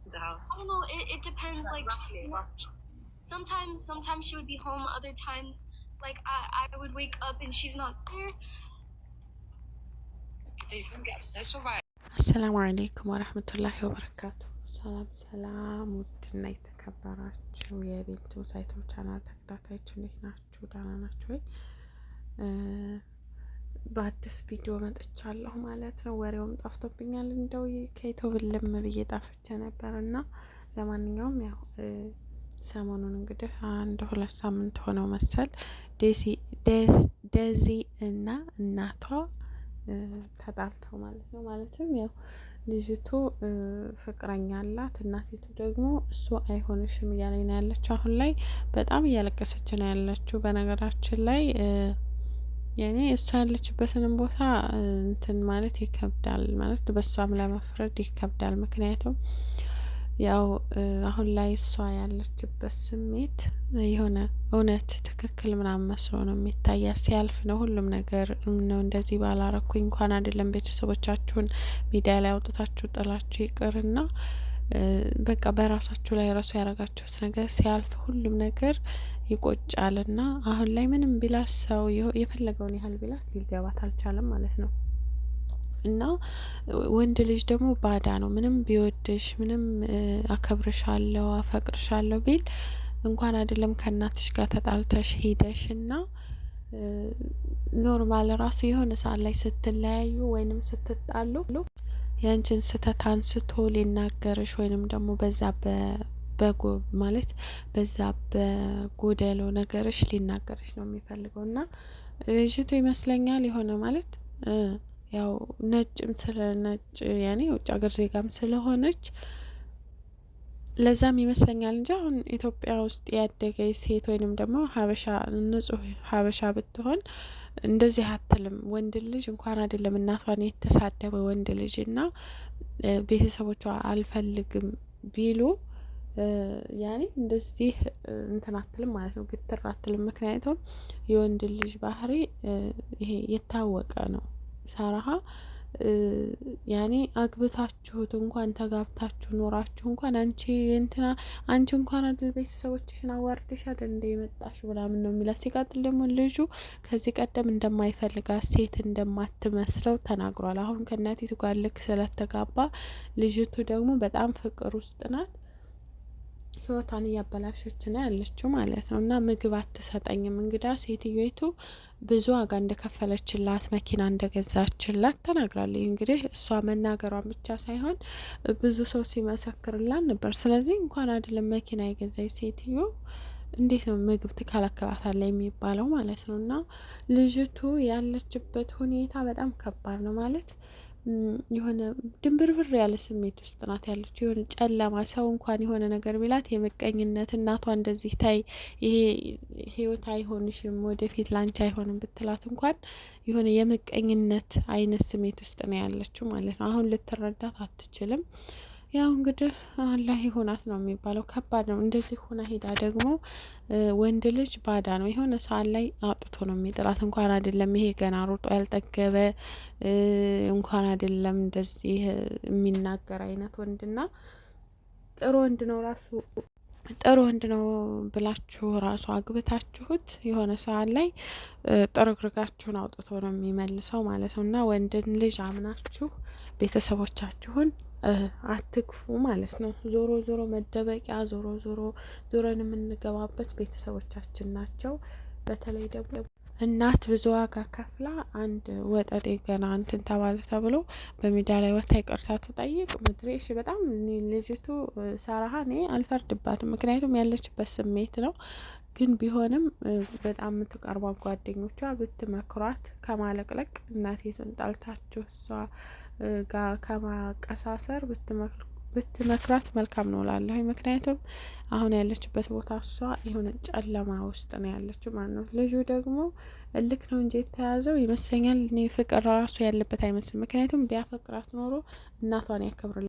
to the house? I don't know. It, it depends. Like, like roughly. sometimes sometimes she would be home. Other times, like I I would wake up and she's not there. السلام عليكم ورحمة الله وبركاته ሰላም ሰላም ውድና የተከበራችሁ የቤት ውሳይቶች ቻናል ተከታታዮች እንዴት ናችሁ? ደህና ናችሁ ወይ? በአዲስ ቪዲዮ መጥቻለሁ ማለት ነው። ወሬውም ጠፍቶብኛል እንደው ከይተው ብልም ብዬ ጣፍቼ ነበር እና ለማንኛውም ያው ሰሞኑን እንግዲህ አንድ ሁለት ሳምንት ሆነው መሰል ደዚ እና እናቷ ተጣልተው ማለት ነው። ማለትም ያው ልጅቱ ፍቅረኛ አላት፣ እናቲቱ ደግሞ እሱ አይሆንሽም እያለኝ ነው ያለችው። አሁን ላይ በጣም እያለቀሰች ነው ያለችው በነገራችን ላይ የኔ እሷ ያለችበትንም ቦታ እንትን ማለት ይከብዳል ማለት በእሷም ለመፍረድ ይከብዳል። ምክንያቱም ያው አሁን ላይ እሷ ያለችበት ስሜት የሆነ እውነት ትክክል ምናምን መስሎ ነው የሚታያ። ሲያልፍ ነው ሁሉም ነገር ነው እንደዚህ ባላረኩኝ እንኳን አይደለም ቤተሰቦቻችሁን ሚዲያ ላይ አውጥታችሁ ጥላችሁ ይቅርና በቃ በራሳችሁ ላይ ራሱ ያረጋችሁት ነገር ሲያልፍ ሁሉም ነገር ይቆጫል እና አሁን ላይ ምንም ቢላት ሰው የፈለገውን ያህል ቢላት ሊገባት አልቻለም ማለት ነው። እና ወንድ ልጅ ደግሞ ባዳ ነው። ምንም ቢወድሽ ምንም አከብርሻለሁ፣ አፈቅርሻለሁ ቢል እንኳን አይደለም ከእናትሽ ጋር ተጣልተሽ ሄደሽ እና ኖርማል ራሱ የሆነ ሰዓት ላይ ስትለያዩ ወይንም ስትጣሉ ያንቺን ስህተት አንስቶ ሊናገርሽ ወይንም ደግሞ በዛ በጎ ማለት በዛ በጎደለው ነገርሽ ሊናገርሽ ነው የሚፈልገው እና ልጅቱ ይመስለኛል የሆነ ማለት ያው ነጭም ስለ ነጭ ያኔ የውጭ ሀገር ዜጋም ስለሆነች ለዛም ይመስለኛል እንጂ አሁን ኢትዮጵያ ውስጥ ያደገች ሴት ወይንም ደግሞ ሀበሻ ንጹህ ሀበሻ ብትሆን እንደዚህ አትልም። ወንድ ልጅ እንኳን አይደለም እናቷን የተሳደበ ወንድ ልጅ እና ቤተሰቦቿ አልፈልግም ቢሉ ያኔ እንደዚህ እንትን አትልም ማለት ነው፣ ግትር አትልም። ምክንያቱም የወንድ ልጅ ባህሪ ይሄ የታወቀ ነው። ሰራሀ ያኔ አግብታችሁት እንኳን ተጋብታችሁ ኖራችሁ እንኳን አንቺ እንትና አንቺ እንኳን አይደል ቤተሰቦችሽን አዋርደሽ አይደል እንደ የመጣሽ ምናምን ነው የሚላት። ሲቀጥል ደግሞ ልጁ ከዚህ ቀደም እንደማይፈልጋት ሴት እንደማትመስለው ተናግሯል። አሁን ከእናቲቱ ጋር ልክ ስለተጋባ ልጅቱ ደግሞ በጣም ፍቅር ውስጥ ናት። ህይወቷን እያበላሸች ነው ያለችው ማለት ነው። እና ምግብ አትሰጠኝም። እንግዳ ሴትዮቱ ብዙ ዋጋ እንደከፈለችላት መኪና እንደገዛችላት ተናግራለች። እንግዲህ እሷ መናገሯን ብቻ ሳይሆን ብዙ ሰው ሲመሰክርላት ነበር። ስለዚህ እንኳን አይደለም መኪና የገዛች ሴትዮ እንዴት ነው ምግብ ትከለክላታለ የሚባለው ማለት ነው። እና ልጅቱ ያለችበት ሁኔታ በጣም ከባድ ነው ማለት የሆነ ድንብርብር ያለ ስሜት ውስጥ ናት ያለች የሆነ ጨለማ ሰው እንኳን የሆነ ነገር ቢላት የምቀኝነት እናቷ እንደዚህ ታይ፣ ይሄ ህይወት አይሆንሽም ወደፊት ላንቺ አይሆንም ብትላት እንኳን የሆነ የምቀኝነት አይነት ስሜት ውስጥ ነው ያለችው ማለት ነው። አሁን ልትረዳት አትችልም። ያው እንግዲህ አላህ ይሆናት ነው የሚባለው። ከባድ ነው እንደዚህ ሆና ሄዳ ደግሞ ወንድ ልጅ ባዳ ነው የሆነ ሰዓት ላይ አውጥቶ ነው የሚጥላት። እንኳን አይደለም ይሄ ገና ሮጦ ያልጠገበ እንኳን አይደለም እንደዚህ የሚናገር አይነት ወንድና ጥሩ ወንድ ነው ራሱ ጥሩ ወንድ ነው ብላችሁ ራሱ አግብታችሁት የሆነ ሰዓት ላይ ጥርግርጋችሁን አውጥቶ ነው የሚመልሰው ማለት ነው። እና ወንድን ልጅ አምናችሁ ቤተሰቦቻችሁን አትክፉ ማለት ነው። ዞሮ ዞሮ መደበቂያ ዞሮ ዞሮ ዞረን የምንገባበት ቤተሰቦቻችን ናቸው። በተለይ ደግሞ እናት ብዙ ዋጋ ከፍላ አንድ ወጠጤ ገና እንትን ተባለ ተብሎ በሜዳ ላይ ወታ ይቅርታ ትጠይቅ ምድሬሽ በጣም ልጅቱ ሰራሃ እኔ አልፈርድባትም። ምክንያቱም ያለችበት ስሜት ነው ግን ቢሆንም በጣም ምትቀርቧ ጓደኞቿ ብትመክሯት ከማለቅለቅ እናቴቱን ጣልታችሁ እሷ ጋር ከማቀሳሰር ብትመክራት መልካም ነው ላለሁ። ምክንያቱም አሁን ያለችበት ቦታ እሷ የሆነ ጨለማ ውስጥ ነው ያለችው ማለት ነው። ልጁ ደግሞ እልክ ነው እንጂ የተያዘው ይመስለኛል። እኔ ፍቅር ራሱ ያለበት አይመስልም። ምክንያቱም ቢያፈቅራት ኖሮ እናቷን ያከብርላል።